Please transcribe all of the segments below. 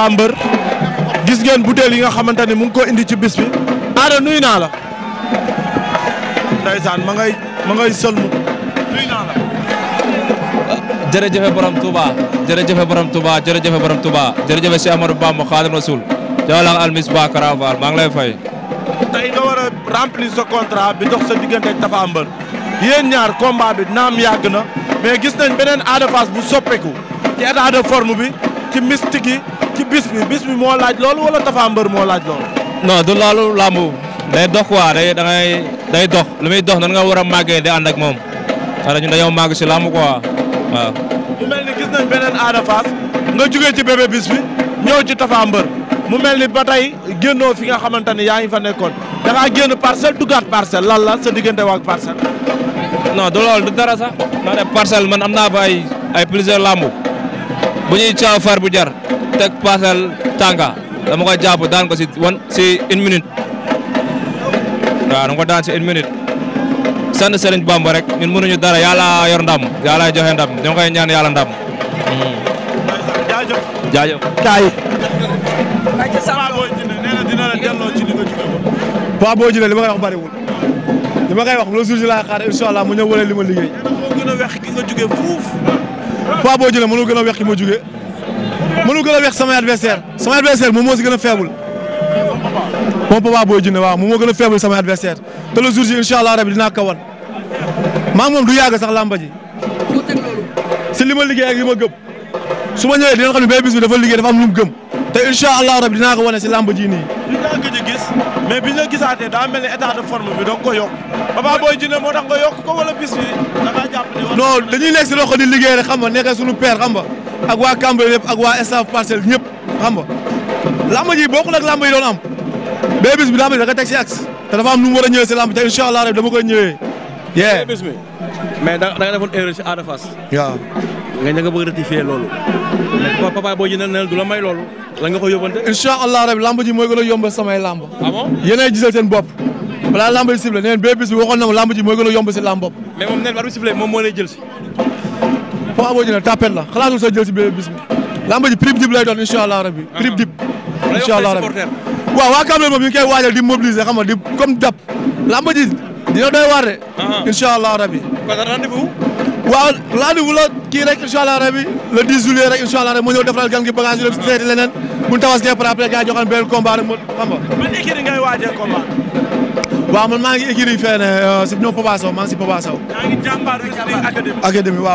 Tapha Mbeur gis ngeen butéel yi nga xamante ni mu ngi ko indi ci bis bi. Ada nuyu naa la. ndeysaan ma ngay ma ngay sëlmu nuyu naa la. jërëjëf borom Touba jërëjëf borom Touba jërëjëf borom Touba jërëjëf Cheikh Amadou Bamba Khadim Rasoul. Jawla Almisba Karaval maa ngi lay fay. tey nga war a remplir sa contrat bi dox sa diggante ak Tapha Mbeur yéen ñaar combat bi naam yàgg na mais gis nañ beneen Ada Fass bu soppeeku ci état de forme bi. ci mystique yi ci bis bi bis bi moo laaj loolu wala Tapha Mbeur moo laaj loolu. non du loolu làmb day dox quoi day day dox lu muy dox nan nga war a màggee di ànd ak moom xanaa ñu dañoo màgg si làmb ko waaw. mu mel ni gis nañ beneen Ada Fass nga jugee ci bébé bis bi ñëw ci Tapha Mbeur mu mel ni ba tey génnoo fi nga xamante ne yaa ngi fa nekkoon da génn parcelle duggaat parcelle lan la sa diggante waag parcelle. non du loolu du dara sax. naa ne parcelle man am naa fa ay ay plusieurs làmb. bu ñuy caaw far bu jar teg dama ko jàpp daan ko si wan si une minute waaw dama ko daan si une minute sant rek ñun mënuñu dara yàlla yor ndam yàlla joxe ndam ñoo koy ñaan yàlla ndam. jaajëf jaajëf kaay. waaw boo jëlee li ma koy wax bariwul li ma koy li poids boo jëlee mënoo gën a wex ki ma jugee mënoo gën a wex samay adversaire samay adversaire moom moo si gën a faible moom Papa Boy Djiné waaw moom moo gën a faible samay adversaire te le jour ji incha allah rabi dinaa ko maa moom du yàgg sax làmba ji si li ma liggéey ak li ma gëm su ma ñëwee dinañ xam ne benn bis bi dafa liggéey dafa am lu mu gëm incha allah rabi dinaa ko wane si lamb ji nii. li nga gëj a gis mais bi ñu la gisaatee daa mel ni état de forme bi danga ko yokk Papa Boy Djiné moo tax nga yokk ko wala bis bi da dañuy nekk si loxo di liggéey rek xam nga nekkee suñu père xam nga ak waa Cambérène yëpp ak waa staff parcelle ñëpp xam nga lamb ji bokkul ak lamb yi doon am bee bis bi lamb ji da nga teg si axe te am nu mu war a ñëwee si lamb te incha allah rabi dama koy ñëwee. yee bis bi mais da nga nga nga bëgg rectifier loolu mais papa boo ji nee na du la may loolu la nga ko yóbbante. incha allah ji mooy gën a yombal samay lamb. ah bon yéen ay gisal seen ji na bee bis bi waxoon na ma lamb ji mooy gën a yomb si lamb bopp. mais moom nee ji nee tapet la xalaatul sa jël si bee bis bi. lamb ji prib dib lay doon incha allah rabi. di mobiliser xam di comme dab lamb ji dina doy waar de. Ah ah. incha allah rabi. kon rendez waaw laa vous la kii rek incha allah rabi le 10 juillet rek incha allah rabi mu ñëw defaral gan gi bagage yi dem seeti leneen bu ñu tawaskee par après gars yi maa ngi écurie fee ne euh, si ñoom Papa Sow maa waaw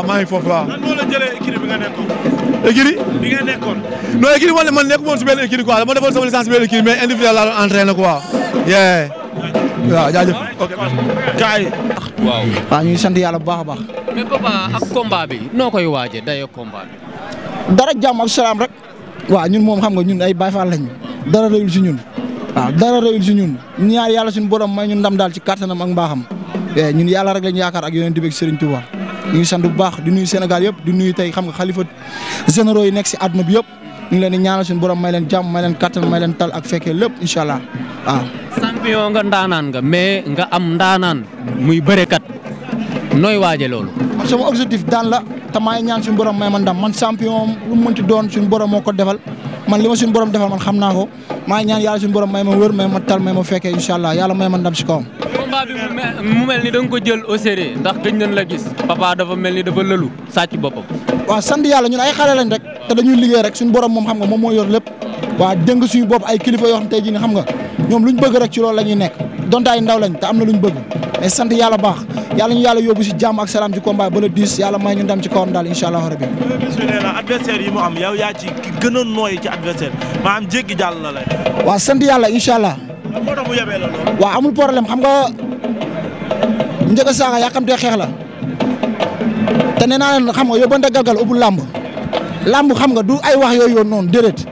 maa ngi foofu waaw. lan moo bi nga nekkoon. écurie. man man nekkul woon si benn écurie quoi dama defoon sama licence benn écurie mais individuel laa doon entraîné quoi. waaw jaajëf ok. waaw waaw ñu ngi sant yàlla bu baax a baax. mais papa ak combat bi noo koy waajee dayoo combat bi. dara jàmm ak salaam rek. waa ñun moom xam nga ñun ay Baay Faal lañ dara rëyul si ñun. waaw dara rëyul si ñun ñaar yàlla suñu borom may ñun ndam daal ci kàttanam ak mbaaxam eh, ñun yàlla rek lañ yaakaar ak Yonent di ak Serigne Touba ñu ngi sant bu baax di nuy Sénégal yëpp di nuyu tey xam nga xalifa généraux yi nekk si àdduna bi yëpp ñu ngi leen di ñaanal suñu borom may leen jàmm may leen kàttan may leen tal ak fekkee lépp incha allah waaw champion nga ndaanaan nga mais nga am ndaanaan muy bërekat nooy waaje loolu. sama objectif daan la te maa ngi ñaan suñu borom may ma ndam man champion lu mu mënti doon suñu borom moo ko defal man li ma suñu borom defal man xam naa ko maa ngi ñaan borom may ma wër may ma tal may ma fekkee incha allah yàlla may ma ndam si mu mel ni da ko jël au sérieux ndax gëj nañ la gis papa dafa mel ni dafa lëlu sàcc boppam. waaw sant yàlla ñun ay xale rek te dañuy liggéey rek suñu borom moom xam nga moom moo yor lépp waa dénk suñu bopp ay kilifa yoo xam tey jii nga xam nga ñoom ñu bëgg rek ci loolu la ñuy nekk donte ay ndaw lañ te am na luñ bëgg mais sant yàlla baax yàlla ñu yàlla yóbbu si jàmm ak salaam ci combat bala le 10 yàlla may ñu ndam ci kawam daal incha allahu rabi. yi mu am yow yaa ci ki gën a nooy ci maanaam jéggi jàll la lay. waaw sant yàlla incha allah. moo waaw amul problème xam nga njëkk a saaga yàkkamtee xeex la te nee naa leen xam nga yóbbante galgal ubul làmb làmb xam nga du ay wax yooyu yoon noonu déedéet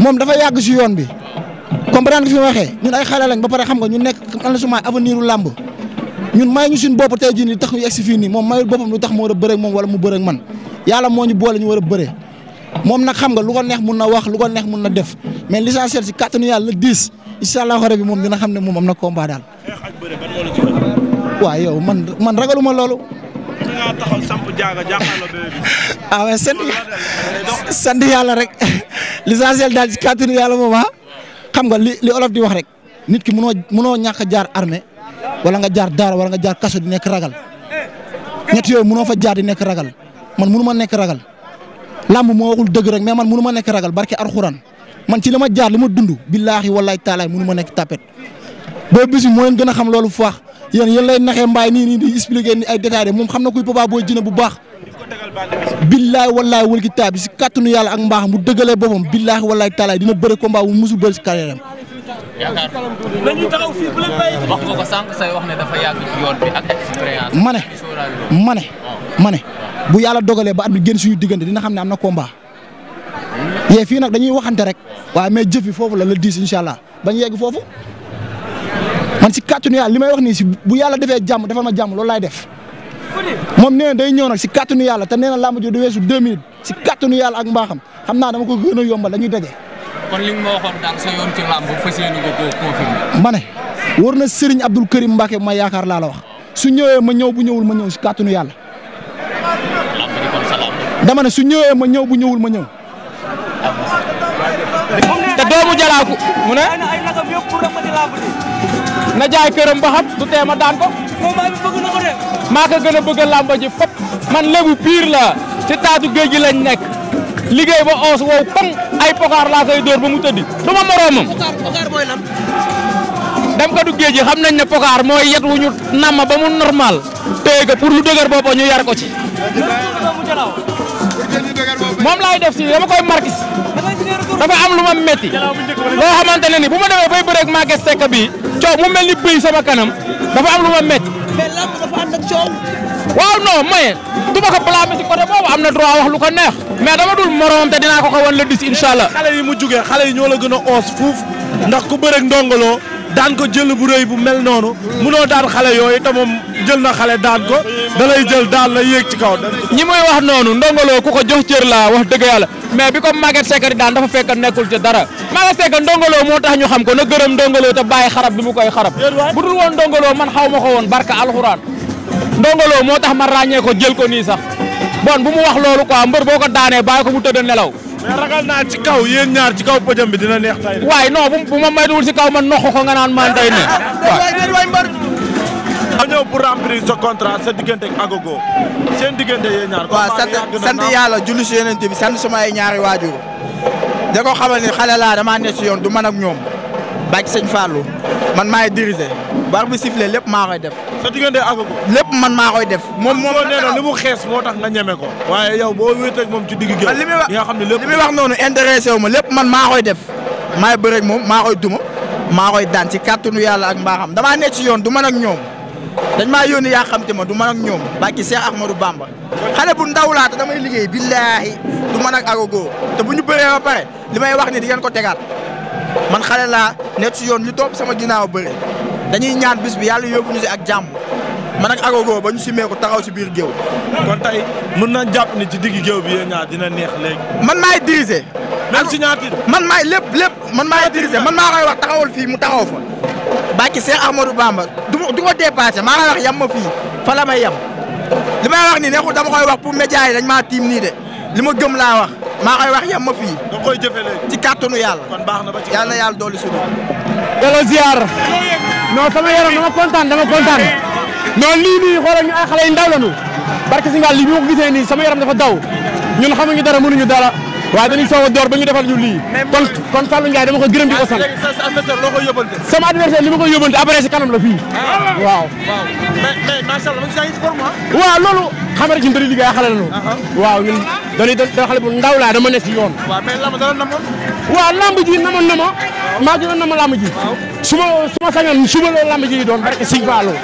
moom dafa yàgg si yoon bi comprendre nga fi waxee ñun ay xale lañ ba pare xam nga ñu nekk am na suma avenir u làmb ñun may ñu suñu bopp te jii nii tax ñu egg si fii nii moom mayul boppam lu tax mu war a bëre ak moom wala mu bëre ak man yàlla moo ñu boole ñu war a bëre moom nag xam nga lu ko neex mun na wax lu ko neex mun na def mais l'essentiel si kàttanu yàlla la diis incha allahu rabi moom dina xam ne moom am na combat daal. waaw yow man man ragaluma loolu. dangaa taxaw samp jaaga ah yàlla rek l'essentiel daal ci kàttanu yàlla moom ah xam nga li li olof di wax rek nit ki mënoo mënoo ñàkk jaar armée wala nga jaar daara wala nga jaar kaso di nekk ragal ñett yooyu mënoo fa jaar di nekk ragal man mënu ma nekk ragal làmb moo waxul dëgg rek mais man mënu ma nekk ragal barke alxuraan man ci li ma jaar li ma dund billaahi wallaahi taalaay mënu ma nekk tapet boo bis bi moo gën a xam loolu faax. yéen yéen lay naxee mbaay nii nii di expliquer ni ay détails moom xam na kuy Papa Boy Djiné bu baax. billaay wallaay wal kitaab si kàttanu yàlla ak mbaax mu dëggalee boppam billaay wallaay taalaay dina bëre combat bu musul bëri si carrière sànq say wax ma ne ma ne ma ne bu yàlla dogalee ba at bi génn suñu diggante dina xam ne am na combat. Hmm. yee fii nag dañuy waxante rek waaye mais jëf yi foofu la la diis incha allah bañ yegg foofu. man si kàttanu yàlla li may wax nii si bu yàlla defee jàmm defal ma jàmm loolu laay def moom nee day ñëw nag si kàttanu yàlla te nee na làmb ji du weesu deux minutes si kàttanu yàlla ak mbaaxam xam naa dama ko gën yombal dañuy daje. kon li nga ma waxoon daal sa yoon ci làmb fas yéene ko koo confirmer. ma na Serigne Abdoul Karim Mbacke ma yaakaar laa la wax su ñëwee ma ñëw bu ñëwul ma ñëw si kàttanu yàlla. dama ne su ñëwee ma ñëw bu ñëwul ma ñëw. na jaay këram ba xam du teema daan ko. combat bi bëgg na ko def. maa ko gën a bëgg ji fop man lébu pire la ci taatu géej gi lañ nekk liggéey ba oos wow koŋ ay pokaar laa koy dóor ba mu tëddi du ma moroomam. pokaar pokaar du géej gi xam nañ ne pokaar mooy yet wu ñu namma ba mu normal téye ko pour dëgër boobu ñu yar ko ci. moom laay def si dama koy marquis. dafa am lu ma metti loo xamante ne ni bu ma demee bay bëreeg Maguette Seck bii coow mu mel ni bëy sama kanam dafa am lu ma metti mais lamb dafa waaw non maye du ma ko blâmer ci côté boobu am na droit wax lu ko neex mais dama dul morom te dinaa ko ko wan la dis incha allah xale yi mu jugee xale yi ñoo la gën a oos fuuf ndax ku bëreeg ndongoloo daan ko jël bu rëy bu mel noonu munoo daan xale yooyu te jël na xale daan ko da lay jël daan la yéeg ci kaw. ñi muy wax noonu ndongolo ku ko jox cër laa wax dëgg mais bi ko Maguette Seck di daan dafa fekk nekkul ci dara Maguette Seck ndongolo moo tax ñu xam ko na gërëm ndongolo te bàyyi xarab bi mu koy xarab. bu dul woon ndongolo man xaw ma ko woon barka alxuraan ndongolo moo tax ma ràññee ko jël ko nii sax bon bu mu wax loolu quoi mbër boo ko daanee bàyyi ko mu tëdd nelaw. mais ragal naa ci kaw yéen ñaar ci kaw pëjam bi dina neex tay waaye non bu ma maytuwul ci kaw man ko nga naan man day xam ñëw pour remplir sa contrat sa diggante ak Agogo seen diggante yéen ñaar. waaw sant sant yàlla julli si yonent bi sant suma ay ñaari waajur. da ko xamal ni xale laa damaa ne si yoon du man ak ñoom. bàcc sëñ Fallou man maay dirigé bar bi sifflé lép maa koy def. sa diggante Agogo. lépp man maa def. moom moom nee na mu xees moo tax nga ñeme ko. waaye yow boo wéeteeg moom ci digg géew. li muy wax li xam ne lépp li muy wax noonu intéressé wu ma lépp man maa koy def. maay bëreeg moom maa koy duma maa koy daan ci kàttanu yàlla ak mbaaxam damaa ne ci yoon du man ak ñoom. dañ maa yónni yaa xam te ma du man ak ñoom bàkki Cheikh Ahmadou Bamba xale bu ndaw laa te damay liggéey billaahi du man ak agogo te bu ñu bëree ba pare li may wax ni di ngeen ko tegaat man xale laa nekk si yoon li topp sama ginnaaw bëre dañuy ñaan bis bi yàlla yóbbu ñu si ak jàmm man ak agogo ba ñu simee ko taxaw si biir géew kon tey mën na jàpp ni ci digg géew bi yéen ñaar dina neex léegi man maay diriger même signature man maay lépp lépp man maay diriger man maa koy wax taxawal fii mu taxaw fa bàkki Cheikh Ahmadou Bamba du ko dépassé maa ngi wax yam ma fii fa la may yam li may wax nii nekkul dama koy wax pour média yi dañ maa tiim nii de li ma la laa wax maa koy wax yam ma fii. da koy jëfee léegi ci kàttanu yàlla. kon baax na ba ci yàlla yàlla dolli suñu. delloo ziar. non sama yaram dama kontaan dama kontaan. non lii nii xoolal ñu ay xale yu ndaw lañu. barke si nga li ñu ko gisee sama yaram dafa daw ñun xamuñu dara mënuñu dara. waaye dañuy soog a door ba ñu defal ñu lii kon kon Fallou Ndiaye dama ko gërëm di ko sant sama adversaire li ma koy yóbbante après si kanam la fii ah, waaw ah? waaw loolu xam nga rek ñun dañuy liggéey xale lañu ah, waaw ñun dañuy da xale bu ndaw laa dama ne si yoon waaw lamb ji namoon na ma maa gënoon na ma lamb ji su ma su ma sañoon suba loolu lamb ji doon barke Sëñ Fallou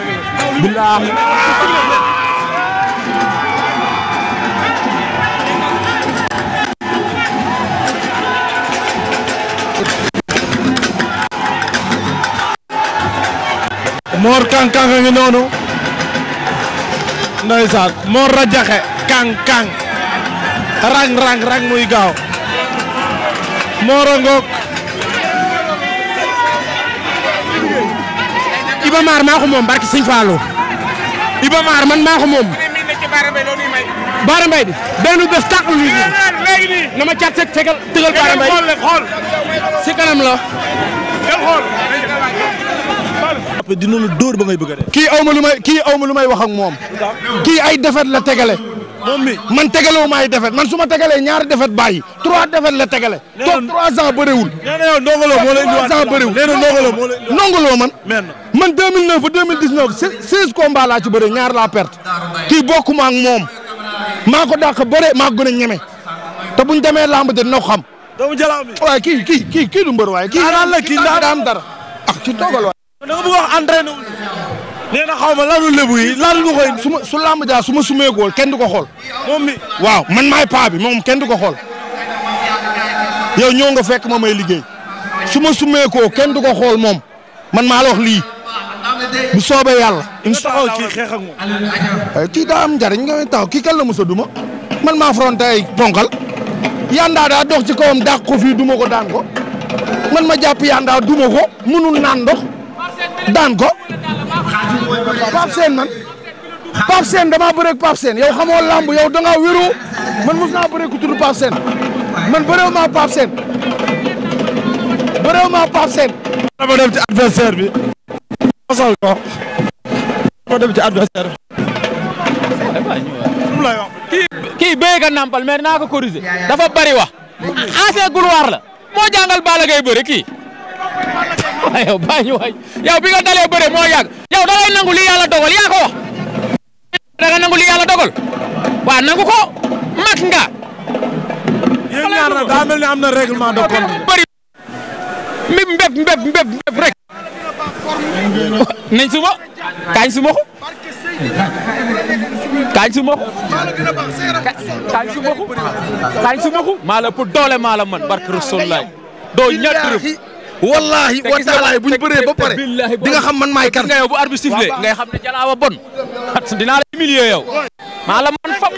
billahi Mor Kang Kang a ngi noonu ndeysaan Mor Rajaxe Kang Kang rang rang rang muy gaaw Mor a ngoog Iba Maar maa ko moom barki Sëñ Fallou Iba Maar man maa moom Baara Mbaye bi benn bés tàq lu na ma cat sek segal tëgal Baara Mbaye si kanam la del xool jàppee dina la dóor ba ngay bëgg a dee. kii aw ma lu ma lu may wax ak moom. kii ay defet la tegale. moom mi man tegalewu ma ay defet man su ma tegalee ñaari defet bàyyi trois defet la tegale. nee na toog trois ans bëriwul. nee na yow ndongoloo moo lay indiwaat trois ans bëriwul. nee na ndongoloo man. man 2009 ba 2019 seize combats laa ci bëree ñaar laa perte. kii bokkuma ak moom. maa ko dàq bëre maa ko gën a ñeme. te buñ demee làmb de dina ko xam. doomu jalaam waaye kii kii kii kii du mbër waaye. kii daan la kii daan dara ak ah, ci dogal waaye. da nga bëgg wax entraîné wu na xaw ma laalu lébu yi laalu nga koy su ma su làmb su ma sumee kenn du ko xool. moom waaw man maay paa bi moom kenn du ko xool yow ñoo nga fekk ma may liggéey su ma sumee kenn du ko xool moom man maa la wax lii bu soobee yàlla. incha allah kii xeex ak moom. Eh, kii daa am njariñ kii kan la mos a duma man maa affronté ay ponkal. yandaa daa dox ci kawam dàq ko fii duma ko daan ko man ma jàpp yandaa duma ko munul naan ndox. daan ko Pape Sène man Pape Sène damaa bëre ak Pape Sène yow xamoo lamb yow da ngaa wéru man mos naa bëre ku tudd Pape man bëreewu maa Pape Sène bëreewu maa Pape Sène. ci adversaire bi. mosal ci adversaire bi. kii kii béy ka nampal mais naa ko corriger. dafa bari wax. ancien gloire la. moo jàngal Balla Gaye bëre kii. waaye yow bàyyi waay yow dalee bëre moo yàgg yow da nangu lii yàlla dogal yaa ko wax nangu lii yàlla dogal waaw nangu ko mag bëri mbéb mbéb mbéb rek. nañ suma kaañ suma ko kaañ suma ko kaañ suma ko kaañ suma ko maa la pour doole maa la man barke Rasulullah doo ñett wallahi wa taalaay buñ bëree ba pare di nga xam man maay kan nga yow bu arbitre sifflé ngay xam ne jalaawa bon dinaa la humilier yow maa la man fam